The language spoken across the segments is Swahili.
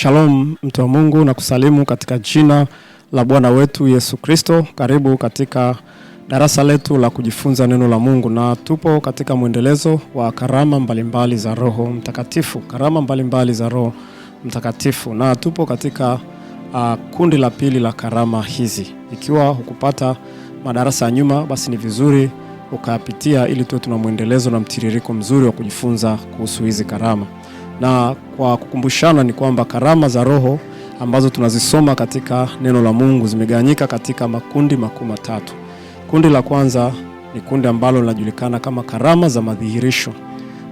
Shalom mtu wa Mungu na kusalimu katika jina la Bwana wetu Yesu Kristo. Karibu katika darasa letu la kujifunza neno la Mungu, na tupo katika mwendelezo wa karama mbalimbali za Roho Mtakatifu, karama mbalimbali za Roho Mtakatifu, na tupo katika uh, kundi la pili la karama hizi. Ikiwa hukupata madarasa ya nyuma, basi ni vizuri ukayapitia ili tuwe tuna mwendelezo na mtiririko mzuri wa kujifunza kuhusu hizi karama na kwa kukumbushana ni kwamba karama za Roho ambazo tunazisoma katika neno la Mungu zimegawanyika katika makundi makuu matatu. Kundi la kwanza ni kundi ambalo linajulikana kama karama za madhihirisho,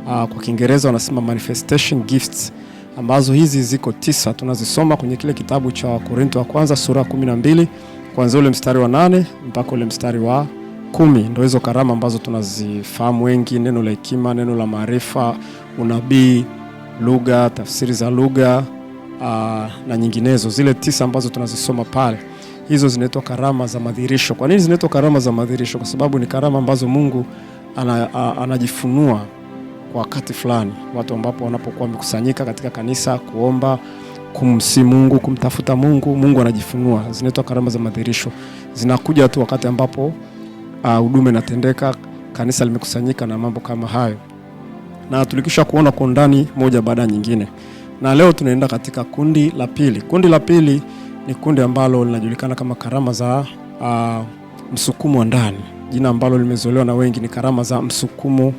ah, kwa Kiingereza wanasema manifestation gifts, ambazo hizi ziko tisa. Tunazisoma kwenye kile kitabu cha Wakorintho wa kwanza sura 12 kuanzia ule mstari wa nane mpaka ule mstari wa kumi. Ndio hizo karama ambazo tunazifahamu wengi, neno la hekima, neno la maarifa, unabii lugha, tafsiri za lugha ah, na nyinginezo, zile tisa ambazo tunazisoma pale, hizo zinaitwa karama za madhihirisho. Kwa nini zinaitwa karama za madhihirisho? Kwa sababu ni karama ambazo Mungu ana, a, anajifunua kwa wakati fulani, watu ambapo wanapokuwa wamekusanyika katika kanisa kuomba kumsi Mungu kumtafuta Mungu, Mungu anajifunua. Zinaitwa karama za madhihirisho, zinakuja tu wakati ambapo ah, huduma uh, inatendeka, kanisa limekusanyika na mambo kama hayo na tulikisha kuona kwa ndani moja baada nyingine, na leo tunaenda katika kundi la pili. Kundi la pili ni kundi ambalo linajulikana kama karama za uh, msukumo wa ndani, jina ambalo limezoelewa na wengi ni karama za msukumo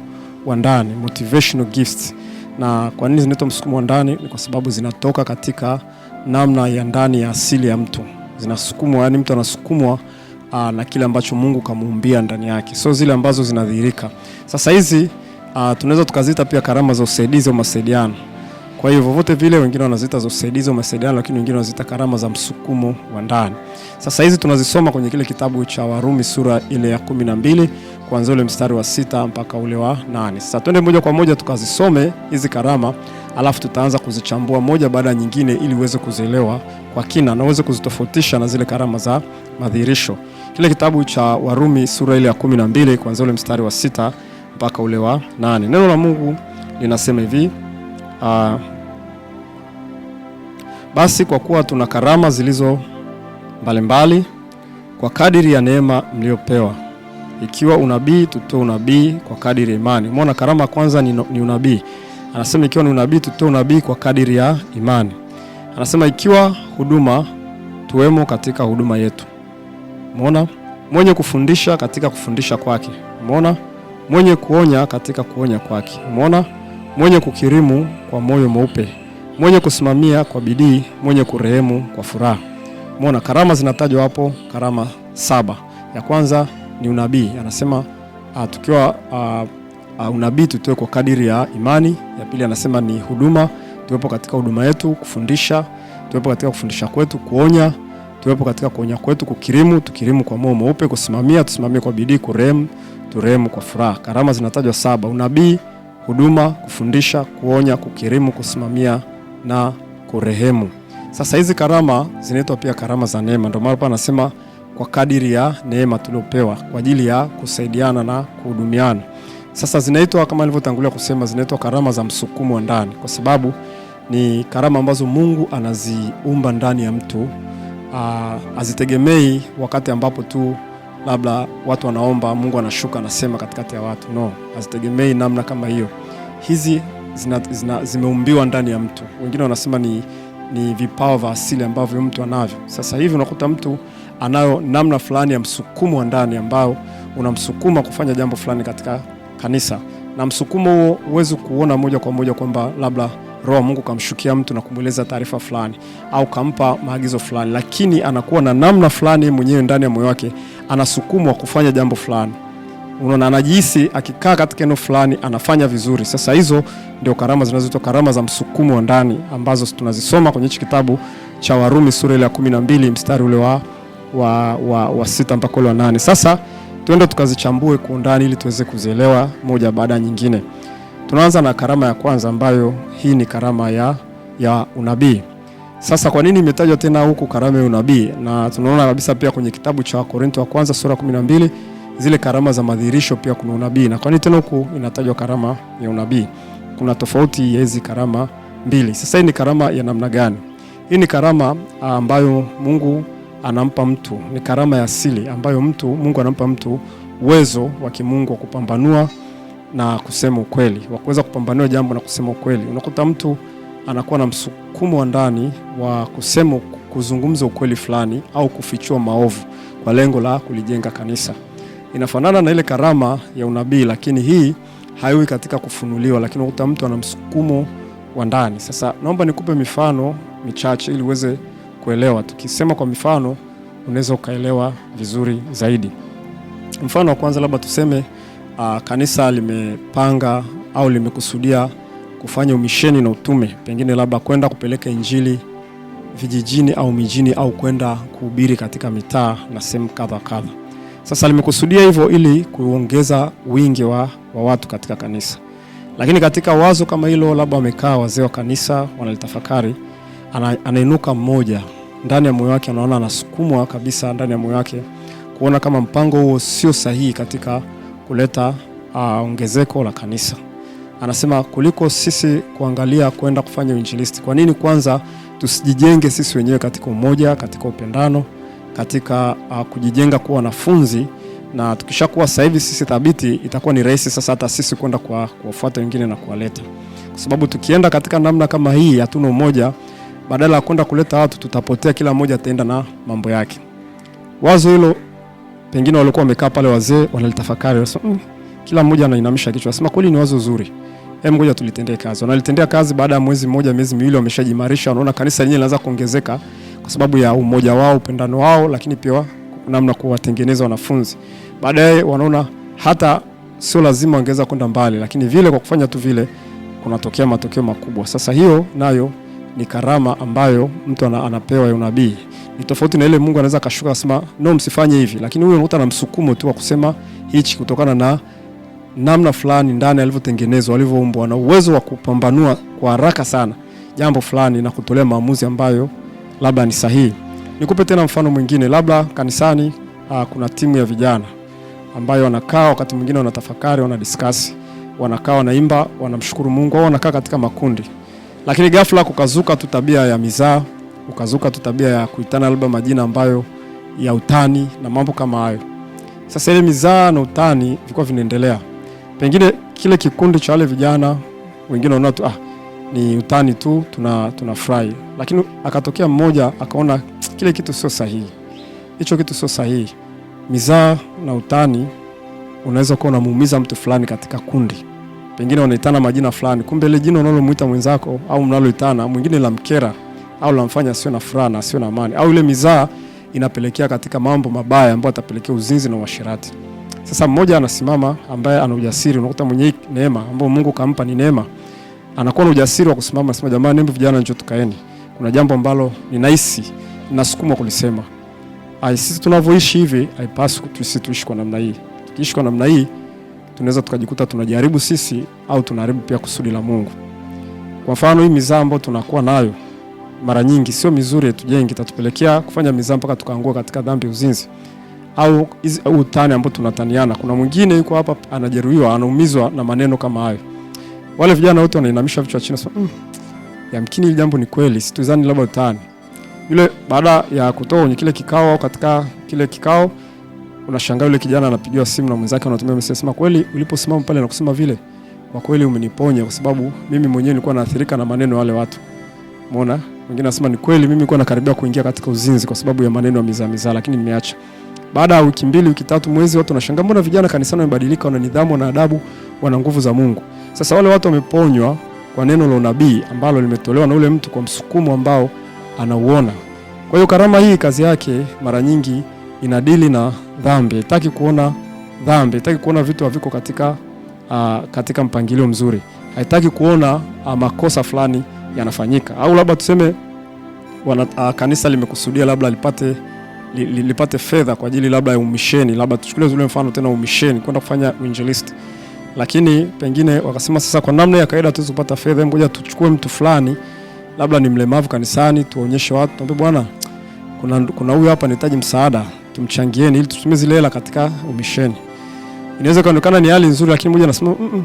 wa ndani, motivational gifts. Na kwa nini zinaitwa msukumo wa ndani? Ni kwa sababu zinatoka katika namna ya ndani ya asili ya mtu, zinasukumwa, yani mtu anasukumwa ah, na kile ambacho Mungu kamuumbia ndani yake, so zile ambazo zinadhihirika sasa hizi uh, tunaweza tukaziita pia karama za usaidizi au masaidiano. Kwa hiyo vyovyote vile, wengine wanaziita za usaidizi au masaidiano, lakini wengine wanaziita karama za msukumo wa ndani. Sasa hizi tunazisoma kwenye kile kitabu cha Warumi sura ile ya kumi na mbili kuanzia ule mstari wa sita mpaka ule wa nane. Sasa twende moja kwa moja tukazisome hizi karama, alafu tutaanza kuzichambua moja baada ya nyingine, ili uweze kuzielewa kwa kina na uweze kuzitofautisha na zile karama za madhihirisho. Kile kitabu cha Warumi sura ile ya kumi na mbili kuanzia ule mstari wa sita mpaka ule wa nane. Neno la Mungu linasema hivi ah, basi kwa kuwa tuna karama zilizo mbalimbali kwa kadiri ya neema mliopewa, ikiwa unabii tutoe unabii kwa kadiri ya imani. Umeona, karama kwanza ni, ni unabii. Anasema ikiwa ni unabii tutoe unabii kwa kadiri ya imani. Anasema ikiwa huduma tuwemo katika huduma yetu. Umeona, mwenye kufundisha katika kufundisha kwake. Umeona mwenye kuonya katika kuonya kwake, umeona, mwenye kukirimu kwa moyo mweupe, mwenye kusimamia kwa bidii, mwenye kurehemu kwa furaha. Umeona, karama zinatajwa hapo, karama saba. Ya kwanza ni unabii, anasema uh, tukiwa uh, uh, unabii tutoe kwa kadiri ya imani. Ya pili anasema ni huduma, tuwepo katika huduma yetu, kufundisha, tuwepo katika kufundisha kwetu, kuonya tuwepo katika kuonya kwetu, kukirimu, tukirimu kwa moyo mweupe, kusimamia, tusimamie kwa bidii, kurehemu turehemu kwa furaha. Karama zinatajwa saba: unabii, huduma, kufundisha, kuonya, kukirimu, kusimamia na kurehemu. Sasa hizi karama zinaitwa pia karama za neema, ndio maana anasema kwa kadiri ya neema tuliopewa kwa ajili ya kusaidiana na kuhudumiana. Sasa zinaitwa kama nilivyotangulia kusema, zinaitwa karama za msukumo wa ndani, kwa sababu ni karama ambazo Mungu anaziumba ndani ya mtu, azitegemei wakati ambapo tu labda watu wanaomba, Mungu anashuka anasema katikati ya watu. No, hazitegemei namna kama hiyo. Hizi zina, zina, zimeumbiwa ndani ya mtu. Wengine wanasema ni, ni vipawa vya asili ambavyo mtu anavyo. Sasa hivi unakuta mtu anayo namna fulani ya msukumo wa ndani ambao unamsukuma kufanya jambo fulani katika kanisa, na msukumo huo huwezi kuona moja kwa moja kwamba labda roho Mungu kamshukia mtu na kumweleza taarifa fulani au kampa maagizo fulani, lakini anakuwa na namna fulani mwenyewe ndani ya moyo wake anasukumwa kufanya jambo fulani, unaona, anajihisi akikaa katika eneo fulani anafanya vizuri. Sasa hizo ndio karama zinazoitwa karama za msukumo wa ndani ambazo tunazisoma kwenye hichi kitabu cha Warumi sura ile ya 12 mstari ule wa wa, wa, wa sita mpaka ule wa nane. Sasa tuende tukazichambue kwa undani ili tuweze kuzielewa moja baada ya nyingine. Tunaanza na karama ya kwanza ambayo hii ni karama ya, ya unabii. Sasa kwa nini imetajwa tena huku karama ya unabii? Na tunaona kabisa pia kwenye kitabu cha Wakorintho wa kwanza sura 12 zile karama za madhihirisho pia kuna unabii. Na kwa nini tena huku inatajwa karama ya unabii? Kuna tofauti ya hizi karama mbili. Sasa hii ni karama ya namna gani? Hii ni karama ah, ambayo Mungu anampa mtu, ni karama ya asili ambayo mtu Mungu anampa mtu uwezo wa kimungu wa kupambanua na kusema ukweli, wa kuweza kupambanua jambo na kusema ukweli. Unakuta mtu anakuwa na msukumo wa ndani wa kusema, kuzungumza ukweli fulani au kufichua maovu kwa lengo la kulijenga kanisa. Inafanana na ile karama ya unabii, lakini hii haiwi katika kufunuliwa, lakini ukuta mtu ana msukumo wa ndani. Sasa naomba nikupe mifano michache ili uweze kuelewa. Tukisema kwa mifano, unaweza ukaelewa vizuri zaidi. Mfano wa kwanza labda tuseme, uh, kanisa limepanga au limekusudia kufanya umisheni na utume, pengine labda kwenda kupeleka injili vijijini au mijini au kwenda kuhubiri katika mitaa na sehemu kadha kadha. Sasa limekusudia hivyo ili kuongeza wingi wa, wa watu katika kanisa. Lakini katika wazo kama hilo, labda wamekaa wazee wa kanisa wanalitafakari, anainuka mmoja ndani ya moyo wake, anaona anasukumwa kabisa ndani ya moyo wake kuona kama mpango huo sio sahihi katika kuleta ah, ongezeko la kanisa anasema kuliko sisi kuangalia kwenda kufanya uinjilisti, kwa nini kwanza tusijijenge sisi wenyewe katika umoja, katika upendano, katika uh, kujijenga kuwa wanafunzi, na tukishakuwa sasa hivi sisi thabiti, itakuwa ni rahisi sasa hata sisi kwenda kuwafuata wengine na kuwaleta, kwa sababu tukienda katika namna kama hii, hatuna umoja, badala ya kwenda kuleta watu tutapotea, kila mmoja ataenda na mambo yake. Wazo hilo pengine walikuwa wamekaa pale wazee wanalitafakari, wanasema mm, kila mmoja anainamisha kichwa, anasema kweli ni wazo zuri, hebu ngoja tulitendee kazi. Wanalitendea kazi, baada ya mwezi mmoja, miezi miwili, wameshajimarisha, wanaona kanisa lenyewe linaanza kuongezeka kwa sababu ya umoja wao, upendano wao, lakini pia namna kuwatengeneza wanafunzi. Baadaye wanaona hata sio lazima wangeweza kwenda mbali, lakini vile kwa kufanya tu vile kunatokea matokeo makubwa. Sasa hiyo nayo ni karama ambayo mtu anapewa ya unabii. Ni tofauti na ile Mungu anaweza akashuka akasema no, msifanye hivi, lakini huyo unakuta na msukumo tu wa kusema hichi kutokana na namna fulani ndani alivyotengenezwa, alivyoumbwa na uwezo wa kupambanua kwa haraka sana jambo fulani na kutolea maamuzi ambayo labda ni sahihi. Nikupe tena mfano mwingine, labda kanisani aa, ah, kuna timu ya vijana ambayo wanakaa wakati mwingine wanatafakari, wana discuss, wanakaa wanaimba, wanamshukuru Mungu, au wanakaa katika makundi, lakini ghafla kukazuka tu tabia ya mizaa, ukazuka tu tabia ya kuitana labda majina ambayo ya utani na mambo kama hayo. Sasa ile mizaa na utani vilikuwa vinaendelea Pengine kile kikundi cha wale vijana wengine wanaona tu ah, ni utani tu, tuna tunafurahi, lakini akatokea mmoja akaona kile kitu sio sahihi, hicho kitu sio sahihi. Mizaa na utani unaweza kuwa unamuumiza mtu fulani katika kundi, pengine wanaitana majina fulani, kumbe ile jina unalomuita mwenzako au mnaloitana mwingine la mkera au lamfanya sio na furaha na sio na amani, au ile mizaa inapelekea katika mambo mabaya ambayo atapelekea uzinzi na uasherati. Sasa mmoja anasimama ambaye ana ujasiri, unakuta mwenye neema ambayo Mungu kampa ni neema, anakuwa na ujasiri wa kusimama, sema jamani, hebu vijana, njoo tukaeni, kuna jambo ambalo ninahisi ninasukumwa kulisema. Ai, sisi tunavyoishi hivi haipaswi sisi tuishi kwa namna hii. Tukiishi kwa namna hii tunaweza tukajikuta tunajaribu sisi au tunaharibu pia kusudi la Mungu. Kwa mfano, hii mizaa ambayo tunakuwa nayo mara nyingi sio mizuri, tujengi, tatupelekea kufanya mizaa mpaka tukaangua katika dhambi, uzinzi au utani ambao tunataniana. Kuna mwingine yuko hapa anajeruhiwa, anaumizwa na maneno kama hayo. Wale vijana wote wanainamisha vichwa chini, so, mm, yamkini hili jambo ni kweli, situzani labda utani. Yule baada ya kutoka kwenye kile kikao au katika kile kikao, unashangaa yule kijana anapigiwa simu na mwenzake anatumia message, sema kweli uliposimama pale na kusema vile, kwa kweli umeniponya, kwa sababu mimi mwenyewe nilikuwa naathirika na maneno wale watu. Umeona? Mwingine anasema ni kweli mimi nilikuwa nakaribia kuingia katika uzinzi kwa sababu ya maneno ya mizaa mizaa, lakini nimeacha. Baada ya wiki mbili, wiki tatu, mwezi, watu wanashangaa mbona vijana kanisani wamebadilika, wana nidhamu na adabu, wana nguvu za Mungu. Sasa wale watu wameponywa kwa neno la unabii ambalo limetolewa na ule mtu kwa msukumo ambao anauona. Kwa hiyo karama hii kazi yake mara nyingi inadili na dhambi, haitaki kuona dhambi, haitaki kuona vitu haviko katika, uh, katika mpangilio mzuri, haitaki kuona uh, makosa fulani yanafanyika, au labda tuseme wana, uh, kanisa limekusudia labda lipate li, lipate fedha kwa ajili labda ya umisheni, labda tuchukulie zile mfano tena umisheni kwenda kufanya evangelist, lakini pengine wakasema sasa, kwa namna ya kawaida tuweze kupata fedha, ngoja tuchukue mtu fulani labda ni mlemavu kanisani, tuonyeshe watu, tuambie bwana, kuna kuna huyu hapa anahitaji msaada, tumchangieni ili tutumie zile hela katika umisheni. Inaweza kuonekana ni hali nzuri, lakini mmoja anasema mm -mm,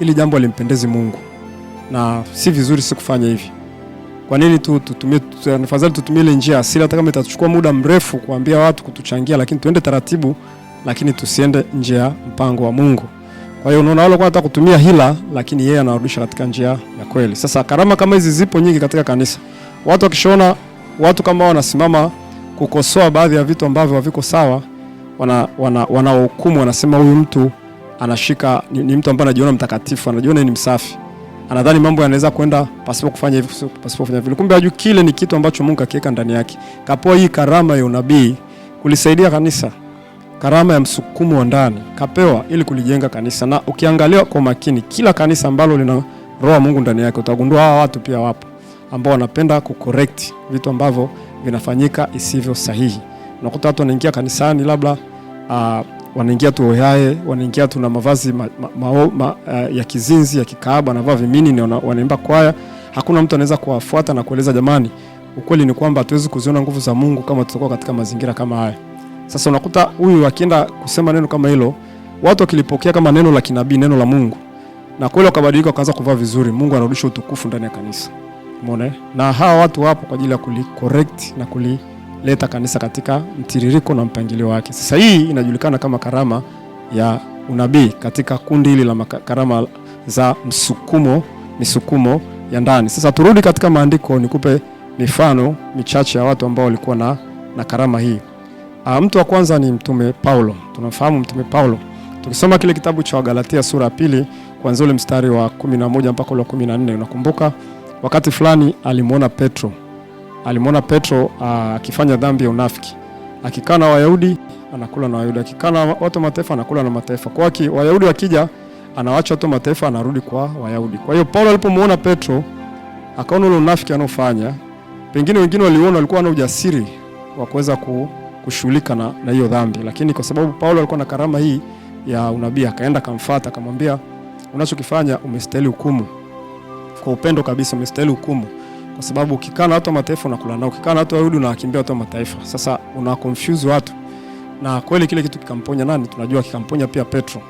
ili jambo alimpendezi Mungu na si vizuri, si kufanya hivi. Kwa nini tu tutumie, afadhali tutumie ile njia asili, hata kama itachukua muda mrefu kuambia watu kutuchangia, lakini tuende taratibu, lakini tusiende nje ya mpango wa Mungu. Kwa hiyo unaona wale kwa hata kutumia hila, lakini yeye anarudisha katika njia ya kweli. Sasa karama kama hizi zipo nyingi katika kanisa. Watu wakishona watu kama wanasimama kukosoa baadhi ya vitu ambavyo haviko sawa, wana wana, wana wanasema huyu mtu anashika ni, ni mtu ambaye anajiona mtakatifu, anajiona ni msafi anadhani mambo yanaweza kwenda pasipo kufanya hivyo, pasipo kufanya vile. Kumbe ajui kile ni kitu ambacho Mungu akiweka ndani yake. Kapoa hii karama ya unabii kulisaidia kanisa, karama ya msukumo wa ndani kapewa ili kulijenga kanisa. Na ukiangalia kwa makini, kila kanisa ambalo lina roho ya Mungu ndani yake, utagundua hawa watu pia wapo ambao wanapenda kucorrect vitu ambavyo vinafanyika isivyo sahihi. Unakuta watu wanaingia kanisani labda uh, wanaingia tu oyae, wanaingia tu na mavazi ma, ma, ma, ma, uh, ya kizinzi ya kikaaba, anavaa vimini, wanaimba kwaya. Hakuna mtu anaweza kuwafuata na kueleza jamani, ukweli ni kwamba hatuwezi kuziona nguvu za Mungu kama tutakuwa katika mazingira kama haya. Sasa unakuta huyu akienda kusema neno kama hilo, watu wakilipokea kama neno la kinabii, neno la Mungu, na kweli wakabadilika, wakaanza kuvaa vizuri, Mungu anarudisha utukufu ndani ya kanisa. Umeona? Eh? Na hawa watu wapo kwa ajili ya kulicorrect na kuli leta kanisa katika mtiririko na mpangilio wake. Sasa hii inajulikana kama karama ya unabii katika kundi hili la karama za msukumo, misukumo ya ndani. Sasa turudi katika maandiko, nikupe mifano michache ya watu ambao walikuwa na, na karama hii. A, ah, mtu wa kwanza ni mtume Paulo. Tunamfahamu mtume Paulo tukisoma kile kitabu cha Wagalatia sura ya pili kuanzia ule mstari wa 11 mpaka ule wa 14, unakumbuka wakati fulani alimwona Petro alimwona Petro ah, akifanya dhambi ya unafiki, akikaa na Wayahudi anakula na Wayahudi, akikaa na watu wa mataifa anakula na mataifa. Kwa hiyo Wayahudi wakija, anawaacha watu wa mataifa, anarudi kwa Wayahudi. Kwa hiyo Paulo alipomwona Petro akaona ule unafiki anaofanya, pengine wengine waliona walikuwa na ujasiri wa kuweza kushughulika na, na hiyo dhambi, lakini kwa sababu Paulo alikuwa na karama hii ya unabii, akaenda akamfuata, akamwambia unachokifanya umestahili hukumu, kwa upendo kabisa, umestahili hukumu kwa sababu ukikaa na watu wa mataifa unakula nao, ukikaa na watu wa Yahudi unawakimbia watu wa mataifa. Sasa una confuse watu, na kweli kile kitu kikamponya nani? Tunajua kikamponya pia Petro.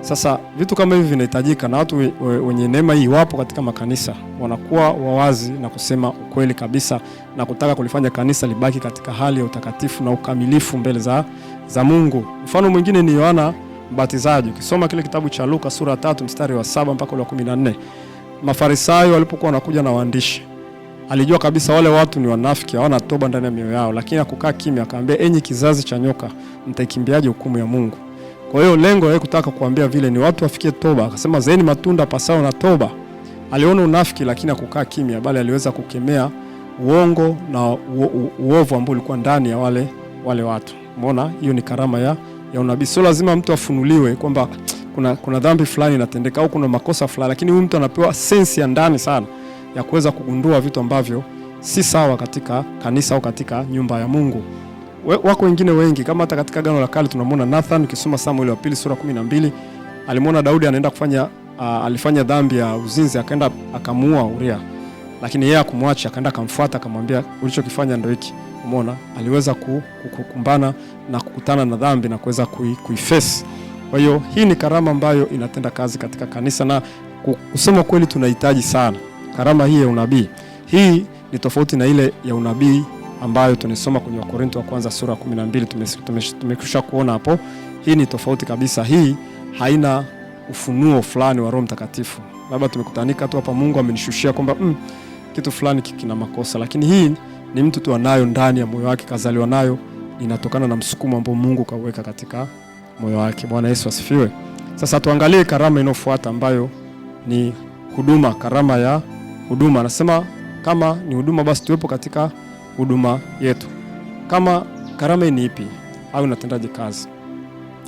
Sasa vitu kama hivi vinahitajika, na watu wenye neema hii wapo katika makanisa, wanakuwa wawazi na kusema ukweli kabisa na kutaka kulifanya kanisa libaki katika hali ya utakatifu na ukamilifu mbele za, za Mungu. Mfano mwingine ni Yohana Mbatizaji. Ukisoma kile kitabu cha Luka sura tatu mstari wa saba mpaka ule wa kumi na nne Mafarisayo walipokuwa wanakuja na waandishi Alijua kabisa wale watu ni wanafiki, hawana toba ndani ya mioyo yao, lakini akukaa kimya. akamwambia enyi kizazi cha nyoka, mtaikimbiaje hukumu ya Mungu? Kwa hiyo lengo la kutaka kuambia vile ni watu wafikie toba. Akasema, zeni matunda pasao na toba. Aliona unafiki, lakini akukaa kimya, bali aliweza kukemea uongo na uovu ambao ulikuwa ndani ya wale wale watu. Umeona, hiyo ni karama ya ya unabii. Sio lazima mtu afunuliwe kwamba kuna, kuna dhambi fulani inatendeka au kuna makosa fulani, lakini huyu mtu anapewa sensi ya ndani sana ya kuweza kugundua vitu ambavyo si sawa katika kanisa au katika nyumba ya Mungu. We, wako wengine wengi kama hata katika gano la Kale tunamwona Nathan, ukisoma Samuel wa pili sura 12 alimwona Daudi anaenda kufanya uh, alifanya dhambi ya uzinzi akaenda akamuua Uria, lakini yeye akumwacha akaenda akamfuata akamwambia, ulichokifanya ndio hiki. Umeona, aliweza kukumbana na kukutana na dhambi na kuweza kuiface. Kwa hiyo hii ni karama ambayo inatenda kazi katika kanisa na kusema kweli tunahitaji sana karama hii ya unabii. Hii ni tofauti na ile ya unabii ambayo tunasoma kwenye Wakorintho wa kwanza sura 12 tumekwisha kuona hapo. Hii ni tofauti kabisa, hii haina ufunuo fulani wa Roho Mtakatifu. Labda tumekutanika tu hapa, Mungu amenishushia kwamba mm, kitu fulani kina makosa, lakini hii ni mtu tu anayo ndani ya moyo wake, kazaliwa nayo, inatokana na msukumo ambao Mungu kaweka katika moyo wake. Bwana Yesu asifiwe. Sasa tuangalie karama inayofuata ambayo ni huduma, karama ya huduma. Anasema kama ni huduma, basi tuwepo katika huduma yetu. Kama karama ni ipi au inatendaje kazi?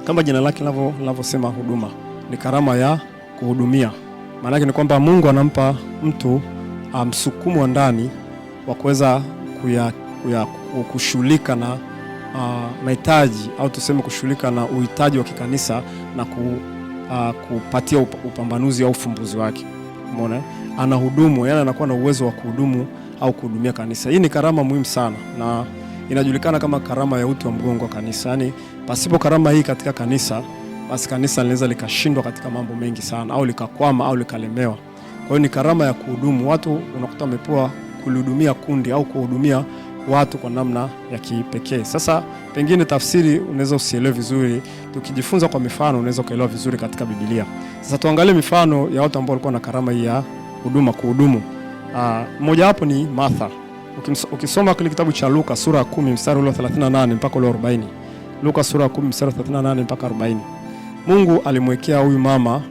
Kama jina lake linavyosema, huduma ni karama ya kuhudumia. Maana yake ni kwamba Mungu anampa mtu ah, msukumo wa ndani wa kuweza kushughulika na uh, mahitaji au tuseme kushughulika na uhitaji wa kikanisa na ku, uh, kupatia upambanuzi au ufumbuzi wake umeona, anahudumu yani anakuwa na uwezo wa kuhudumu au kuhudumia kanisa. Hii ni karama muhimu sana na inajulikana kama karama ya uti wa mgongo wa kanisa. Yani pasipo karama hii katika kanisa, basi kanisa linaweza likashindwa katika mambo mengi sana, au likakwama au likalemewa. Kwa hiyo ni karama ya kuhudumu. Watu unakuta wamepewa kulihudumia kundi au kuhudumia watu kwa namna ya kipekee. Sasa pengine tafsiri unaweza usielewe vizuri. Tukijifunza kwa mifano, unaweza ukaelewa vizuri katika Biblia. Sasa tuangalie mifano ya watu ambao walikuwa na karama hii ya huduma, kuhudumu. Ah, mmoja wapo ni Martha. Ukisoma kile kitabu cha Luka sura ya 10 mstari ule 38 mpaka ule 40. Luka sura ya 10 mstari 38 mpaka 40. Mungu alimwekea huyu mama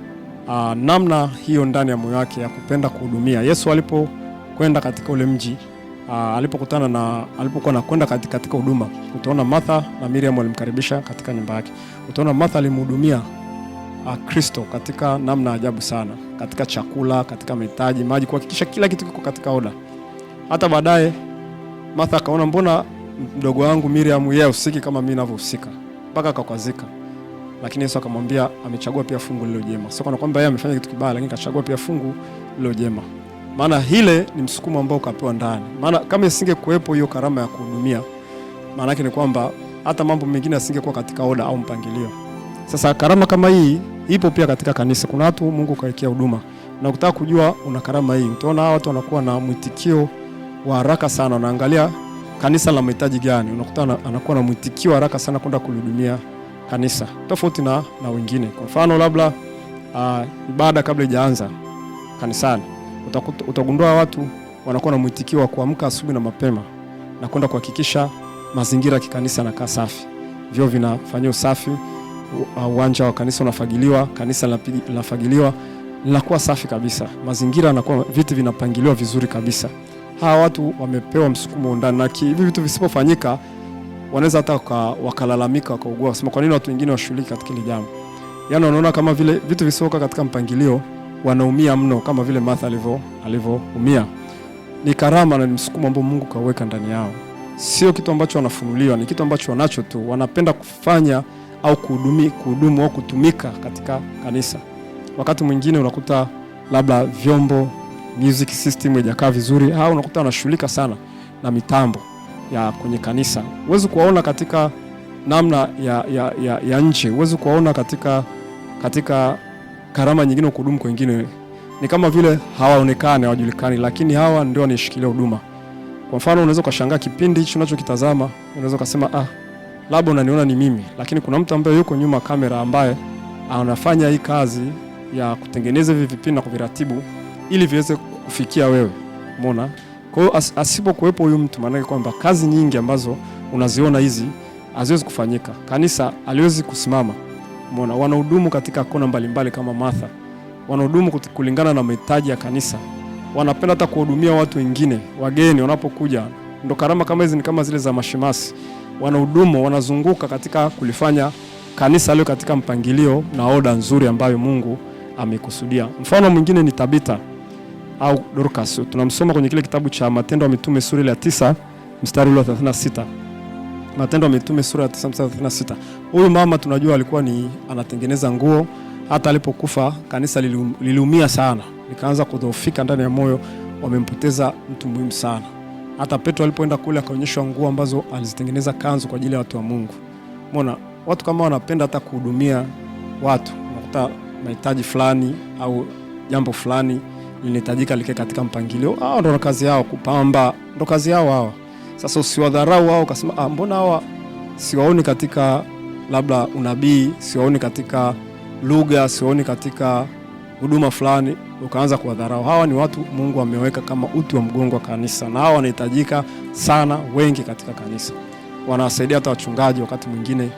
a, ah, namna hiyo ndani ya moyo wake ya kupenda kuhudumia. Yesu alipokwenda katika ule mji Ah, alipokutana na alipokuwa anakwenda katika katika huduma, utaona Martha na Miriam walimkaribisha katika nyumba yake. Utaona Martha alimhudumia ah, Kristo katika namna ajabu sana, katika chakula, katika mahitaji, maji, kuhakikisha kila kitu kiko katika oda. Hata baadaye Martha akaona mbona mdogo wangu Miriam yeye usiki kama mimi ninavyohusika, mpaka akakwazika. Lakini Yesu akamwambia amechagua pia fungu lilo jema, sio kwamba yeye amefanya kitu kibaya, lakini kachagua pia fungu lilo jema maana hile ni msukumo ambao ukapewa ndani, maana kama isingekuwepo hiyo karama ya kuhudumia, maana yake ni kwamba hata mambo mengine yasingekuwa katika oda au mpangilio. Sasa karama kama hii ipo pia katika kanisa. Kuna watu Mungu kawekea huduma na ukitaka kujua una karama hii, utaona hawa watu wanakuwa na mwitikio wa haraka sana, wanaangalia kanisa la mahitaji gani, unakuta anakuwa na mwitikio haraka sana kwenda kulihudumia kanisa, tofauti na, na wengine. Kwa mfano labda uh, ibada kabla ijaanza kanisani utagundua watu wanakuwa na mwitikio wa kuamka asubuhi na mapema na kwenda kuhakikisha mazingira ya kikanisa yanakaa safi, vyoo vinafanywa usafi, uh, uwanja wa kanisa unafagiliwa, kanisa linafagiliwa, linakuwa safi kabisa, mazingira yanakuwa, viti vinapangiliwa vizuri kabisa. Hawa watu wamepewa msukumo ndani, na hivi vitu visipofanyika wanaweza hata wakalalamika wakaugua, wasema kwa nini watu wengine washughuliki katika hili jambo. Yaani wanaona kama vile vitu visioka katika mpangilio wanaumia mno kama vile Martha alivyoumia. Ni karama na msukumo ambao Mungu kaweka ndani yao, sio kitu ambacho wanafunuliwa, ni kitu ambacho wanacho tu, wanapenda kufanya au kuhudumi, kuhudumu au kutumika katika kanisa. Wakati mwingine unakuta labda vyombo, music system haijakaa vizuri, au unakuta wanashughulika sana na mitambo ya kwenye kanisa. Huwezi kuwaona katika namna ya, ya, ya, ya nje, huwezi kuwaona katika katika karama nyingine kudumu kwa wengine. Ni kama vile hawaonekani, hawajulikani, lakini hawa ndio wanaishikilia huduma. Kwa mfano, unaweza ukashangaa kipindi hichi unachokitazama, unaweza ukasema ah, labda unaniona ni mimi, lakini kuna mtu ambaye yuko nyuma kamera ambaye anafanya hii kazi ya kutengeneza hivi vipindi na kuviratibu ili viweze kufikia wewe. Umeona? Kwa hiyo as, asipokuwepo huyu mtu, maana kwamba kazi nyingi ambazo unaziona hizi haziwezi kufanyika. Kanisa aliwezi kusimama. Mbona wanahudumu katika kona mbalimbali kama Martha, wanahudumu kulingana na mahitaji ya kanisa, wanapenda hata kuhudumia watu wengine, wageni wanapokuja. Ndo karama kama hizi ni kama zile za mashemasi, wanahudumu, wanazunguka katika kulifanya kanisa leo katika mpangilio na oda nzuri ambayo Mungu amekusudia. Mfano mwingine ni Tabita au Dorcas, tunamsoma kwenye kile kitabu cha Matendo ya Mitume sura ya 9 mstari wa 36. Matendo ya Mitume sura ya 9:36. Huyu mama tunajua alikuwa ni anatengeneza nguo, hata alipokufa kanisa liliumia sana, likaanza kudhoofika ndani ya moyo, wamempoteza mtu muhimu sana. Hata Petro alipoenda kule akaonyeshwa nguo ambazo alizitengeneza kanzu kwa ajili ya watu wa Mungu. Umeona, watu kama wanapenda hata kuhudumia watu, unakuta mahitaji fulani au jambo fulani linahitajika likae katika mpangilio. Hao ndo kazi yao kupamba, ndo kazi yao hao sasa usiwadharau hao, ukasema ah, mbona hawa siwaoni katika labda unabii, siwaoni katika lugha, siwaoni katika huduma fulani, ukaanza kuwadharau. Hawa ni watu Mungu ameweka kama uti wa mgongo wa kanisa, na hawa wanahitajika sana, wengi katika kanisa. Wanawasaidia hata wachungaji wakati mwingine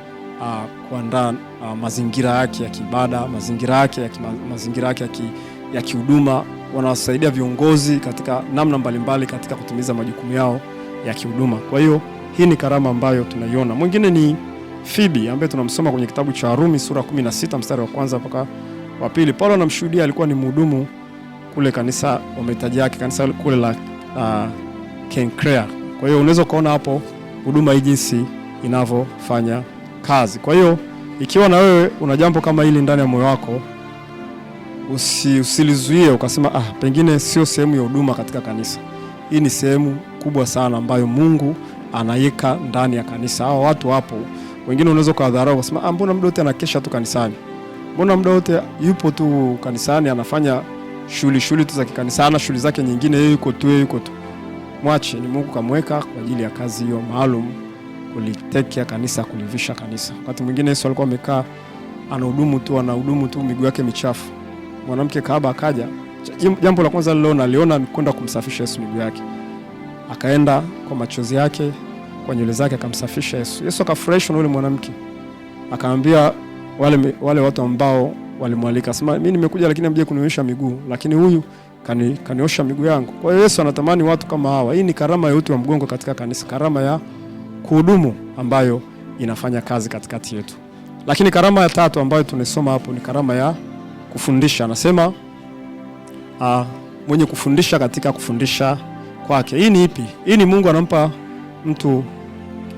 uh, kuandaa uh, mazingira yake ya kibada mazingira yake ya mazingira yake ya kihuduma. Wanawasaidia viongozi katika namna mbalimbali katika kutimiza majukumu yao ya kihuduma. Kwa hiyo hii ni karama ambayo tunaiona. Mwingine ni Fibi ambaye tunamsoma kwenye kitabu cha Warumi sura 16 mstari wa kwanza mpaka wa pili. Paulo anamshuhudia alikuwa ni mhudumu kule kanisa wametaja yake kanisa kule la uh, Kenkrea. Kwa hiyo unaweza ukaona hapo huduma hii jinsi inavyofanya kazi. Kwa hiyo ikiwa na wewe una jambo kama hili ndani ya moyo wako, usi, usilizuie ukasema ah, pengine sio sehemu ya huduma katika kanisa. Hii ni sehemu kubwa sana ambayo Mungu anaika ndani ya kanisa. Hao watu wapo, wengine unaweza ukadharau kusema ah, mbona muda wote anakesha tu kanisani, mbona muda wote yupo tu kanisani, anafanya shughuli shughuli tu za kikanisa, ana shughuli zake nyingine, yeye yuko tu, yeye yuko tu. Mwache, ni Mungu kamweka kwa ajili ya kazi hiyo maalum, kulitekea kanisa, kulivisha kanisa. Wakati mwingine Yesu alikuwa amekaa anahudumu tu, anahudumu tu, miguu yake michafu. Mwanamke kahaba akaja, jambo la kwanza aliloona, aliona ni kwenda kumsafisha Yesu miguu yake akaenda kwa machozi yake kwa nywele zake akamsafisha Yesu. Yesu akafurahishwa na yule mwanamke, akaambia wale, wale watu ambao walimwalika, sema mimi nimekuja lakini mje kuniosha miguu, lakini huyu kani, kaniosha miguu yangu. Kwa hiyo Yesu anatamani watu kama hawa. Hii ni karama ya uti wa mgongo katika kanisa, karama ya kuhudumu ambayo inafanya kazi katikati yetu. Lakini karama ya tatu ambayo tunaisoma hapo ni karama ya kufundisha. Anasema ah, mwenye kufundisha katika kufundisha kwake. Hii ni ipi? Hii ni Mungu anampa mtu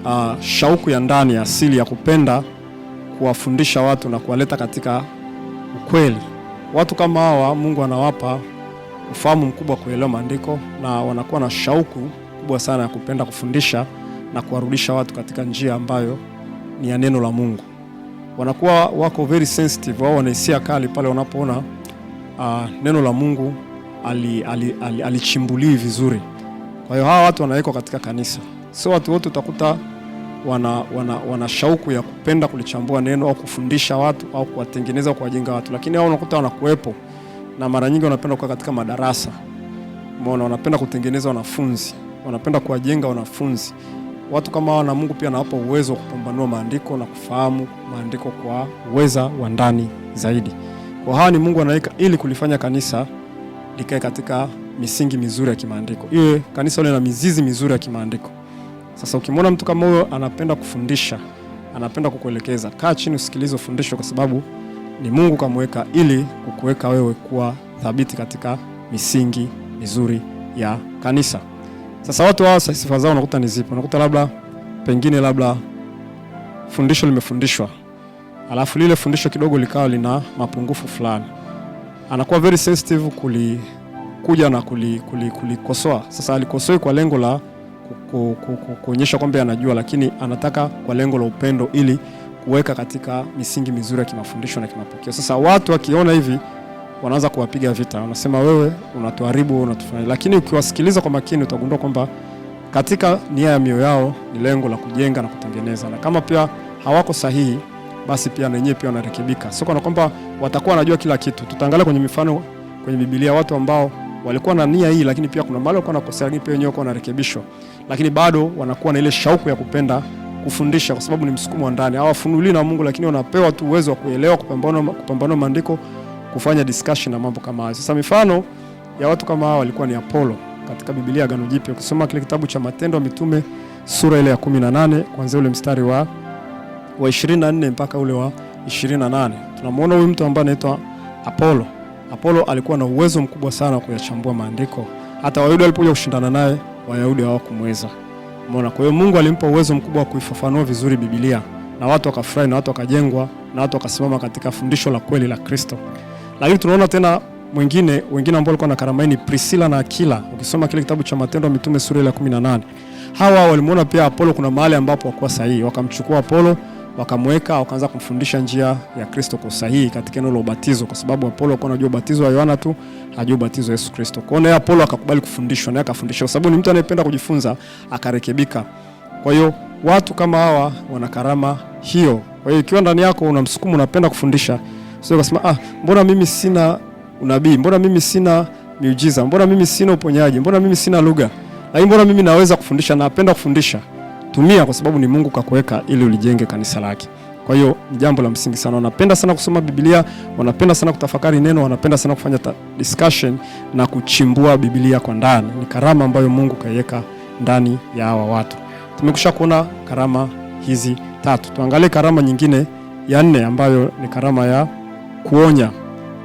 uh, shauku ya ndani ya asili ya kupenda kuwafundisha watu na kuwaleta katika ukweli. Watu kama hawa Mungu anawapa ufahamu mkubwa kuelewa maandiko na wanakuwa na shauku kubwa sana ya kupenda kufundisha na kuwarudisha watu katika njia ambayo ni ya neno la Mungu. Wanakuwa wako very sensitive, wao wana hisia kali pale wanapoona uh, neno la Mungu alichimbuliwi ali, ali, ali vizuri. Kwa hiyo hawa watu wanawekwa katika kanisa, sio watu wote utakuta wana, wana, wana shauku ya kupenda kulichambua neno au kufundisha watu au kuwatengeneza kuwajenga watu, lakini hao unakuta wanakuwepo na mara nyingi wanapenda kuwa katika madarasa. Umeona, wanapenda kutengeneza wanafunzi, wanapenda kuwajenga wanafunzi. Watu kama hawa na Mungu pia anawapa uwezo wa kupambanua maandiko na kufahamu maandiko kwa uweza wa ndani zaidi. Kwa hawa ni Mungu anaweka ili kulifanya kanisa likae katika misingi mizuri ya kimaandiko, iwe kanisa liwe na mizizi mizuri ya kimaandiko. Sasa ukimwona mtu kama huyo anapenda kufundisha, anapenda kukuelekeza, kaa chini, usikilize ufundisho, kwa sababu ni Mungu kamweka ili kukuweka wewe kuwa thabiti katika misingi mizuri ya kanisa. Sasa watu hawa sifa zao unakuta ni zipo, unakuta labda pengine labda fundisho limefundishwa, alafu lile fundisho kidogo likawa lina mapungufu fulani, anakuwa very sensitive kuli kuja na kulikosoa. kuli, kuli Sasa alikosoi kwa lengo la kuonyesha kwamba anajua, lakini anataka kwa lengo la upendo, ili kuweka katika misingi mizuri ya kimafundisho na kimapokeo. Sasa watu wakiona hivi wanaanza kuwapiga vita, wanasema wewe unatuharibu, unatufanya. Lakini ukiwasikiliza kwa makini, utagundua kwamba katika nia ya mioyo yao ni lengo la kujenga na kutengeneza, na kama pia hawako sahihi, basi pia na wenyewe pia wanarekebika. Sio kwamba watakuwa wanajua kila kitu. Tutaangalia kwenye mifano kwenye Biblia, watu ambao walikuwa na nia hii, lakini pia kuna mahali walikuwa wanakosea, lakini pia wenyewe walikuwa wanarekebishwa, lakini bado wanakuwa na ile shauku ya kupenda kufundisha kwa sababu ni msukumo wa ndani. Hawafunuli na Mungu, lakini wanapewa tu uwezo wa kuelewa, kupambana kupambana maandiko, kufanya discussion na mambo kama hayo. Sasa mifano ya watu kama hao walikuwa ni Apollo katika Biblia Agano Jipya. Ukisoma kile kitabu cha Matendo ya Mitume sura ile ya 18 kuanzia ule mstari wa wa 24 mpaka ule wa 28 tunamwona huyu mtu ambaye anaitwa Apollo. Apollo alikuwa na uwezo mkubwa sana wa kuyachambua maandiko. Hata Wayahudi walipokuja kushindana naye, Wayahudi hawakumweza. Umeona? Kwa hiyo Mungu alimpa uwezo mkubwa wa kuifafanua vizuri Biblia na watu wakafurahi na watu wakajengwa na watu wakasimama katika fundisho la kweli la Kristo. Lakini tunaona tena mwingine wengine ambao walikuwa na karama ni Priscilla na Akila. Ukisoma kile kitabu cha Matendo ya Mitume sura ya 18, hawa walimuona pia Apollo kuna mahali ambapo hakuwa sahihi, wakamchukua Apollo wakamweka wakaanza kumfundisha njia ya Kristo kwa sahihi katika neno la ubatizo, kwa sababu Apolo alikuwa anajua ubatizo wa Yohana tu, hajui ubatizo wa Yesu Kristo. Kwa hiyo Apolo akakubali kufundishwa, na akafundishwa, kwa sababu ni mtu anayependa kujifunza, akarekebika. Kwa hiyo watu kama hawa wana karama hiyo. Kwa hiyo ikiwa ndani yako una msukumo, unapenda kufundisha, sio kusema ah, mbona mimi sina unabii, mbona mimi sina miujiza, mbona mimi sina uponyaji, mbona mimi sina lugha, lakini mbona mimi naweza kufundisha, napenda kufundisha tumia kwa sababu ni Mungu kakuweka ili ulijenge kanisa lake. Kwa hiyo ni jambo la msingi sana, wanapenda sana kusoma Biblia, wanapenda sana kutafakari neno, wanapenda sana kufanya discussion na kuchimbua Biblia kwa ndani. Ni karama ambayo Mungu kaiweka ndani ya hawa watu. Tumekusha kuona karama hizi tatu, tuangalie karama nyingine ya nne ambayo ni karama ya kuonya.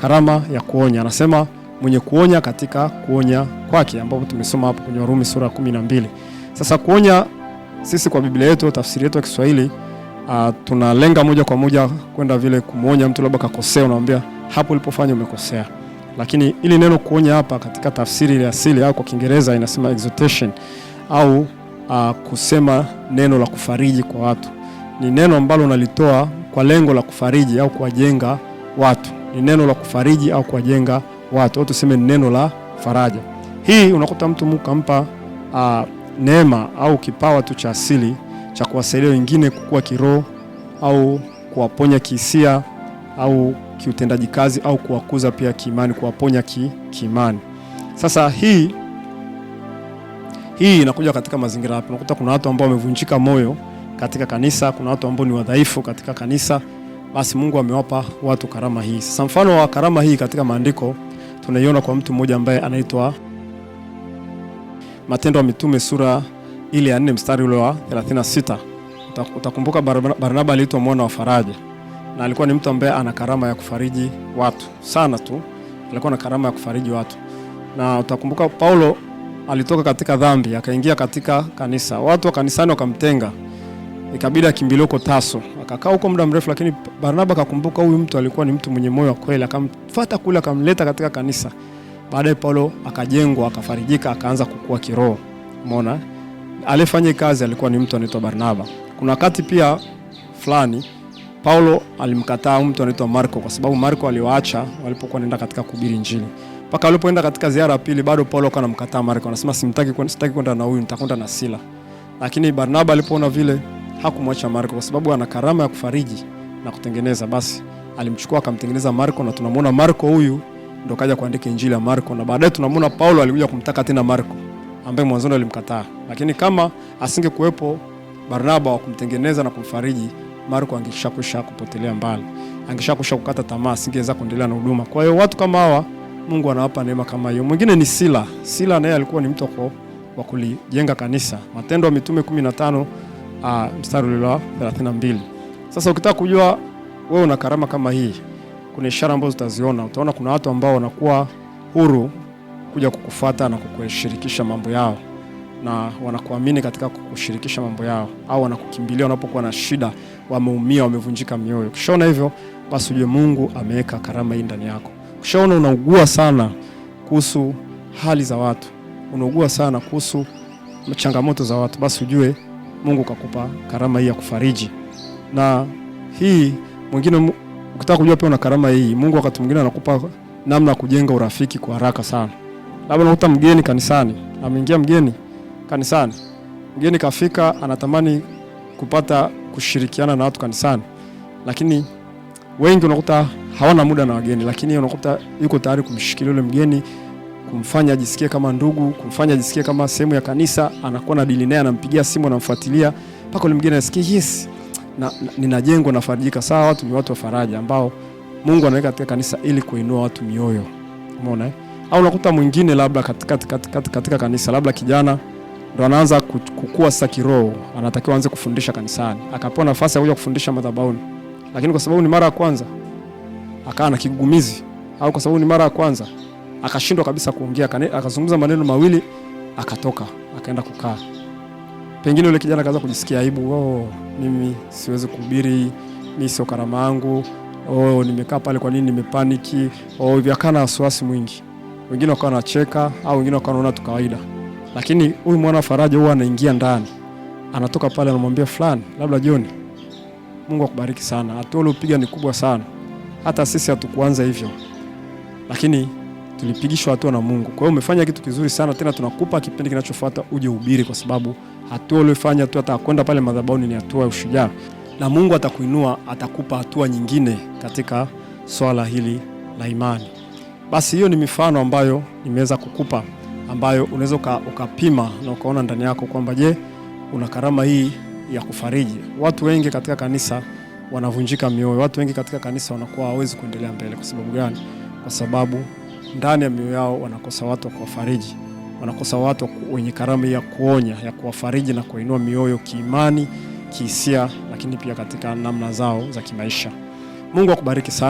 Karama ya kuonya, anasema mwenye kuonya katika kuonya kwake, ambapo tumesoma hapo kwenye Warumi sura 12. Sasa kuonya sisi kwa Biblia yetu, tafsiri yetu ya Kiswahili uh, tunalenga moja kwa moja kwenda vile kumwonya mtu labda kakosea, unamwambia hapo ulipofanya umekosea. Lakini ili neno kuonya hapa katika tafsiri ya asili au kwa Kiingereza inasema exhortation au uh, kusema neno la kufariji kwa watu. Ni neno ambalo unalitoa kwa lengo la kufariji au kuwajenga watu. Ni neno la kufariji au kuwajenga watu au tuseme neno la faraja. Hii unakuta mtu mkampa uh, ah, neema au kipawa tu cha asili cha kuwasaidia wengine kukua kiroho au kuwaponya kihisia au kiutendaji kazi au kuwakuza pia kiimani, kuwaponya ki, kiimani. Sasa hii hii inakuja katika mazingira yapi? Unakuta kuna watu ambao wamevunjika moyo katika kanisa, kuna watu ambao ni wadhaifu katika kanisa, basi Mungu amewapa watu karama hii. Sasa mfano wa karama hii katika maandiko tunaiona kwa mtu mmoja ambaye anaitwa Matendo ya Mitume sura ile ya 4 mstari ule wa 36. Utakumbuka Barnaba aliitwa mwana wa faraja na alikuwa ni mtu ambaye ana karama ya kufariji watu sana tu, alikuwa na karama ya kufariji watu. Na utakumbuka Paulo alitoka katika dhambi akaingia katika kanisa, watu wa kanisani wakamtenga, ikabidi akimbilie huko Taso, akakaa huko muda mrefu, lakini Barnaba akakumbuka huyu mtu alikuwa ni mtu mwenye moyo wa kweli, akamfuata kule, akamleta katika kanisa. Baadaye Paulo akajengwa, akafarijika, akaanza kukua kiroho. Umeona, aliyefanya kazi alikuwa ni mtu anaitwa Barnaba. Kuna wakati pia fulani Paulo alimkataa mtu anaitwa Marko kwa sababu Marko aliwaacha walipokuwa wanaenda katika kuhubiri Injili. Paka walipoenda katika ziara pili bado Paulo akawa anamkataa Marko, anasema simtaki kwenda, sitaki kwenda na huyu, nitakwenda na Sila. Lakini Barnaba alipoona vile hakumwacha Marko kwa sababu ana karama ya kufariji na kutengeneza, basi alimchukua akamtengeneza Marko na tunamwona Marko huyu ndo kaja kuandika injili ya Marko, na baadaye tunamwona Paulo alikuja kumtaka tena Marko ambaye mwanzoni alimkataa, lakini kama asingekuwepo Barnaba wa kumtengeneza na kumfariji Marko angeshakusha kupotelea mbali, angeshakusha kukata tamaa, asingeweza kuendelea na huduma. Kwa hiyo watu kama hawa Mungu anawapa neema kama hiyo. Mwingine ni Sila. Sila naye alikuwa ni mtu wa kulijenga kanisa, Matendo ya Mitume 15 ah, mstari wa 32. Sasa ukitaka kujua wewe una karama kama hii kuna ishara ambazo utaziona. Utaona kuna watu ambao wanakuwa huru kuja kukufata na kukushirikisha mambo yao na wanakuamini katika kukushirikisha mambo yao, au wanakukimbilia wanapokuwa na shida, wameumia, wamevunjika mioyo. Ukishaona hivyo, basi ujue Mungu ameweka karama hii ndani yako. Ukishaona unaugua sana kuhusu hali za watu, unaugua sana kuhusu changamoto za watu, basi ujue Mungu kakupa karama hii ya kufariji, na hii mwingine Ukitaka kujua pia una karama hii, Mungu wakati mwingine anakupa namna ya kujenga urafiki kwa haraka sana. Labda unakuta mgeni kanisani, ameingia mgeni kanisani, mgeni kafika, anatamani kupata kushirikiana na watu kanisani, lakini wengi unakuta hawana muda na wageni, lakini unakuta yuko tayari kumshikilia yule mgeni, kumfanya ajisikie kama ndugu, kumfanya ajisikie kama sehemu ya kanisa. Anakuwa na dili naye, anampigia simu, anamfuatilia mpaka yule mgeni anasikia yes na, ninajengwa nafarijika. Sawa, watu ni watu wa faraja ambao Mungu anaweka katika kanisa ili kuinua watu mioyo. Umeona eh? Au unakuta mwingine labda katika, katika, katika kanisa labda kijana ndo anaanza kukua sasa kiroho, anatakiwa anze kufundisha kanisani, akapewa nafasi ya kuja kufundisha madhabahuni, lakini kwa sababu ni mara ya kwanza akawa na kigugumizi, au kwa sababu ni mara ya kwanza akashindwa kabisa kuongea, akazungumza maneno mawili akatoka, akaenda kukaa Pengine yule kijana kaanza kujisikia aibu, oh, mimi siwezi kuhubiri, mimi sio karama yangu, oh, nimekaa pale, kwa nini nimepaniki? Oh, hivyo akana wasiwasi mwingi. Wengine wakawa wanacheka au wengine wakawa wanaona tu kawaida, lakini huyu mwana faraja huwa anaingia ndani, anatoka pale, anamwambia fulani, labda John, Mungu akubariki sana, hatua uliopiga ni kubwa sana, hata sisi hatukuanza hivyo, lakini tulipigishwa hatua na Mungu. Kwa hiyo umefanya kitu kizuri sana, tena tunakupa kipindi kinachofuata uje uhubiri kwa sababu hatua uliyofanya tu atakwenda pale madhabahuni ni hatua ya ushujaa, na Mungu atakuinua, atakupa hatua nyingine katika swala hili la imani. Basi hiyo ni mifano ambayo nimeweza kukupa, ambayo unaweza ukapima na ukaona ndani yako kwamba je, una karama hii ya kufariji. Watu wengi katika kanisa wanavunjika mioyo, watu wengi katika kanisa wanakuwa hawawezi kuendelea mbele. Kwa sababu gani? Kwa sababu ndani ya mioyo yao wanakosa watu wa kuwafariji wanakosa watu wenye karama ya kuonya, ya kuwafariji na kuinua mioyo kiimani, kihisia, lakini pia katika namna zao za kimaisha. Mungu akubariki sana.